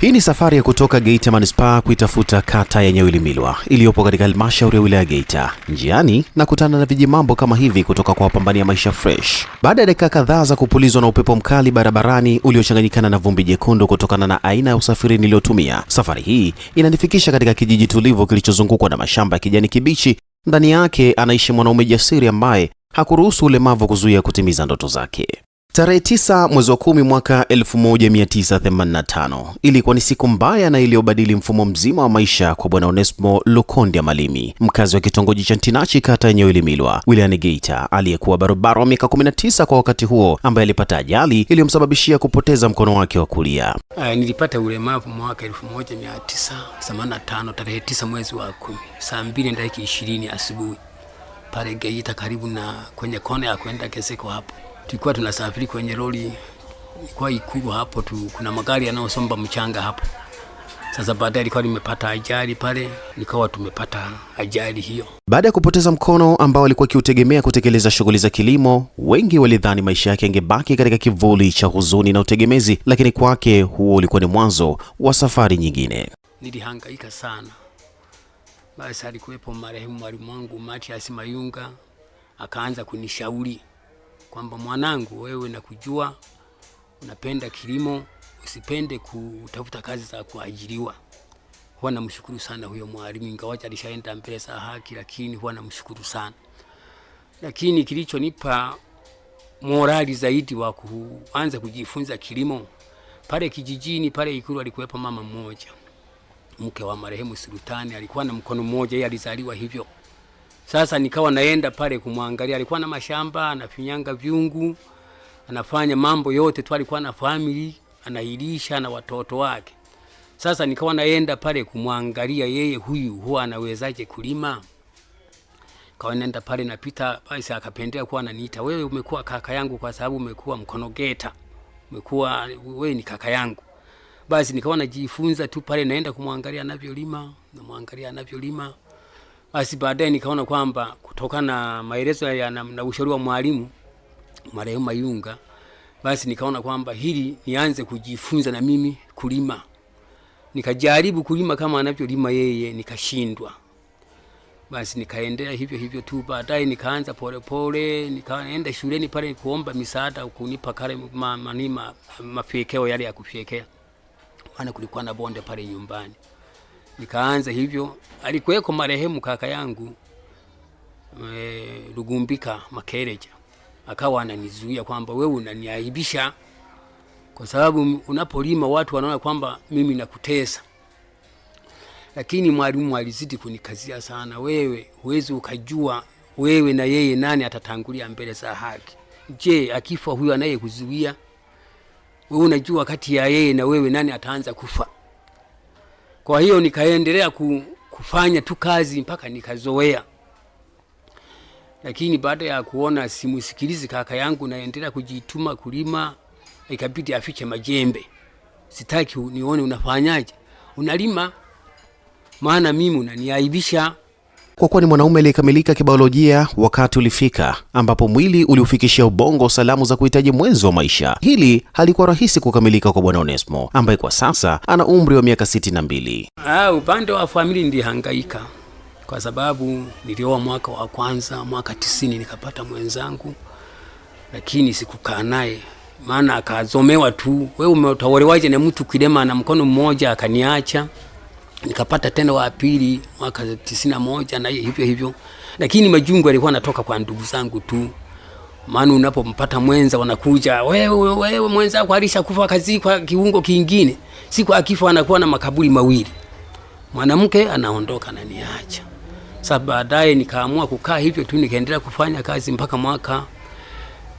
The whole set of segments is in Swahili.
Hii ni safari ya kutoka Geita manispaa kuitafuta kata ya Nyawilimilwa iliyopo katika halmashauri ya wilaya Geita. Njiani nakutana na vijimambo kama hivi kutoka kwa wapambania maisha fresh. Baada ya dakika kadhaa za kupulizwa na upepo mkali barabarani uliochanganyikana na vumbi jekundu kutokana na aina ya usafiri niliyotumia, safari hii inanifikisha katika kijiji tulivu kilichozungukwa na mashamba ya kijani kibichi. Ndani yake anaishi mwanaume jasiri ambaye hakuruhusu ulemavu kuzuia kutimiza ndoto zake. Tarehe 9 mwezi wa 10 mwaka 1985 ilikuwa ni siku mbaya na iliyobadili mfumo mzima wa maisha kwa Bwana Onesmo Lukondia Malimi, mkazi wa kitongoji cha Ntinachi, kata ya Ilimilwa, wilayani Geita, aliyekuwa barobaro wa miaka 19 kwa wakati huo, ambaye alipata ajali iliyomsababishia kupoteza mkono wake wa kulia. Ay, ah, nilipata ulemavu mwaka 1985 tarehe 9 mwezi wa 10 saa 2 dakika 20 asubuhi pale Geita, karibu na kwenye kona ya kwenda Keseko hapo tulikuwa tunasafiri kwenye roli kwa Ikulu hapo tu, kuna magari yanayosomba mchanga hapo. Sasa baadaye ilikuwa nimepata ajali pale, nikawa tumepata ajali hiyo. Baada ya kupoteza mkono ambao alikuwa akiutegemea kutekeleza shughuli za kilimo, wengi walidhani maisha yake yangebaki katika kivuli cha huzuni na utegemezi, lakini kwake huo ulikuwa ni mwanzo wa safari nyingine. Nilihangaika sana. Basi alikuwepo marehemu mwalimu wangu Matias Mayunga, akaanza kunishauri kwamba mwanangu, wewe nakujua unapenda kilimo, usipende kutafuta kazi za kuajiriwa. Huwa namshukuru sana huyo mwalimu, ingawa alishaenda mbele saa haki, lakini huwa namshukuru sana. Lakini kilichonipa morali zaidi wa kuanza kujifunza kilimo pale kijijini pale Ikulu alikuwepo mama mmoja, mke wa marehemu Sultani, alikuwa na mkono mmoja, yeye alizaliwa hivyo sasa nikawa naenda pale kumwangalia, alikuwa na mashamba, anafinyanga vyungu, anafanya mambo yote tu, alikuwa na family, anailisha na watoto wake. Sasa nikawa naenda pale kumwangalia yeye, huyu huwa anawezaje kulima. Kawa naenda pale napita, basi akapendea kuwa ananiita, wewe umekuwa kaka yangu kwa sababu umekuwa mkonogeta, umekuwa wewe ni kaka yangu. Basi nikawa najifunza tu pale, naenda kumwangalia anavyolima, namwangalia anavyolima basi baadaye nikaona kwamba kutokana na maelezo ya na, na ushauri wa mwalimu marehemu Mayunga, basi nikaona kwamba hili nianze kujifunza na mimi kulima. Nikajaribu kulima kama anavyolima yeye, nikashindwa. Basi nikaendelea hivyo hivyo tu. Baadaye nikaanza polepole, nikaenda shuleni pale kuomba misaada, kunipa kale ma, ma, ma, yale ya kufyekea, maana kulikuwa na bonde pale nyumbani nikaanza hivyo. Alikuweko marehemu kaka yangu e, Lugumbika Makereja, akawa ananizuia kwamba wewe unaniaibisha kwa sababu unapolima watu wanaona kwamba mimi nakutesa. Lakini mwalimu alizidi kunikazia sana, wewe huwezi ukajua wewe na yeye nani atatangulia mbele za haki. Je, akifa huyo anayekuzuia wewe, unajua kati ya yeye na wewe nani ataanza kufa? Kwa hiyo nikaendelea kufanya tu kazi mpaka nikazoea, lakini baada ya kuona simusikilizi kaka yangu, naendelea kujituma kulima, ikabidi afiche majembe. Sitaki nione unafanyaje unalima, maana mimi unaniaibisha. Kwa kuwa ni mwanaume aliyekamilika kibiolojia, wakati ulifika ambapo mwili uliufikishia ubongo salamu za kuhitaji mwenzi wa maisha. Hili halikuwa rahisi kukamilika kwa Bwana Onesmo ambaye kwa sasa ana umri wa miaka sitini na mbili. Ah, upande wa familia nilihangaika kwa sababu nilioa mwaka wa kwanza, mwaka tisini nikapata mwenzangu, lakini sikukaa naye maana akazomewa tu, we umetawaliwaje na mtu kilema na mkono mmoja, akaniacha nikapata tena wa pili mwaka tisini na moja na hivyo hivyo, lakini majungu yalikuwa anatoka kwa ndugu zangu tu, maana unapompata mwenza wanakuja wewe, wewe mwenza mwenzako alishakufa kazi kwa kiungo kingine. Siku akifa anakuwa na makaburi mawili, mwanamke anaondoka na niacha. Sasa baadaye nikaamua kukaa hivyo tu, nikaendelea kufanya kazi mpaka mwaka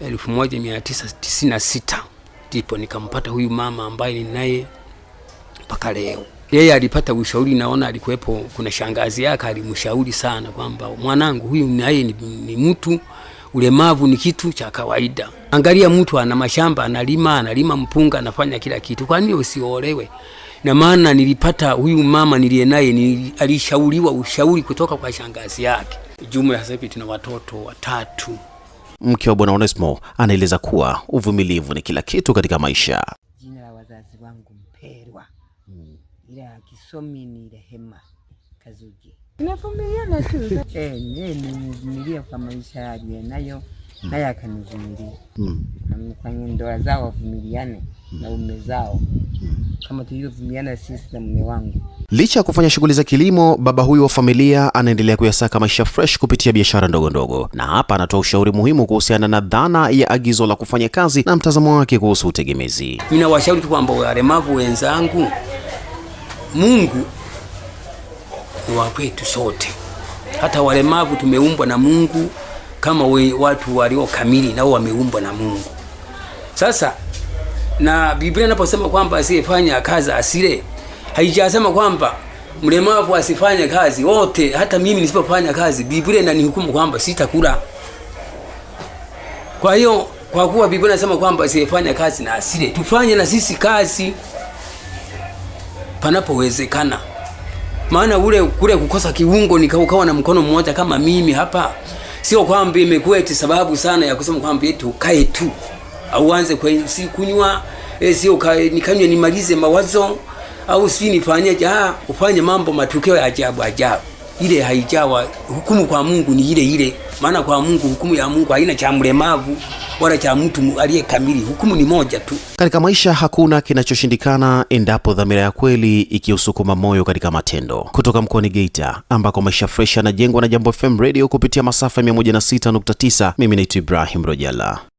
1996 ndipo nikampata huyu mama ambaye ninaye mpaka leo yeye alipata ushauri, naona alikuwepo, kuna shangazi yake alimshauri sana kwamba mwanangu huyu naye ni, ni mtu ulemavu ni kitu cha kawaida. Angalia, mtu ana mashamba analima, analima mpunga, anafanya kila kitu, kwa nini usiolewe? Na maana nilipata huyu mama niliye naye ni alishauriwa ushauri kutoka kwa shangazi yake. Jumla sasa hivi tuna watoto watatu. Mke wa Bwana Onesmo anaeleza kuwa uvumilivu ni kila kitu katika maisha ila kisomi ni Rehema Kazuji. Tunavumiliana tu. Eh, yeye nimevumilia kwa maisha aliyo nayo hmm. naye akanivumilia. Mm. Kwenye ndoa zao wavumiliane na hmm. ume zao kama tulivyovumiana sisi na mume wangu. Licha ya kufanya shughuli za kilimo, baba huyu wa familia anaendelea kuyasaka maisha fresh kupitia biashara ndogo ndogo, na hapa anatoa ushauri muhimu kuhusiana na dhana ya agizo la kufanya kazi na mtazamo wake kuhusu utegemezi. Ninawashauri tu kwamba walemavu wenzangu Mungu ni wa kwetu sote, hata walemavu tumeumbwa na Mungu kama we, watu walio kamili nao wameumbwa na Mungu. Sasa na Biblia inaposema kwamba asiyefanya kazi asile, haijasema kwamba mlemavu asifanye kazi. Wote hata mimi nisipofanya kazi, Biblia inanihukumu kwamba sitakula. Kwa hiyo kwa kuwa Biblia inasema kwamba asiyefanya kazi na asile, tufanye na sisi kazi panapowezekana, maana ule kule kukosa kiungo nikaukawa na mkono mmoja kama mimi hapa, sio kwamba imekuwa eti sababu sana ya kusema kwamba eti ukae tu au anze si kunywa e, sio nikanywe nimalize mawazo au si nifanyeje. Ah, ufanye mambo matukio ya ajabu ajabu ile haijawa hukumu kwa Mungu ni ile ile, maana kwa Mungu hukumu ya Mungu haina cha mlemavu wala cha mtu aliye kamili, hukumu ni moja tu. Katika maisha hakuna kinachoshindikana endapo dhamira ya kweli ikiusukuma moyo katika matendo. Kutoka mkoani Geita ambako maisha fresh yanajengwa na Jambo FM Radio kupitia masafa 106.9, mimi naitwa Ibrahim Rojala.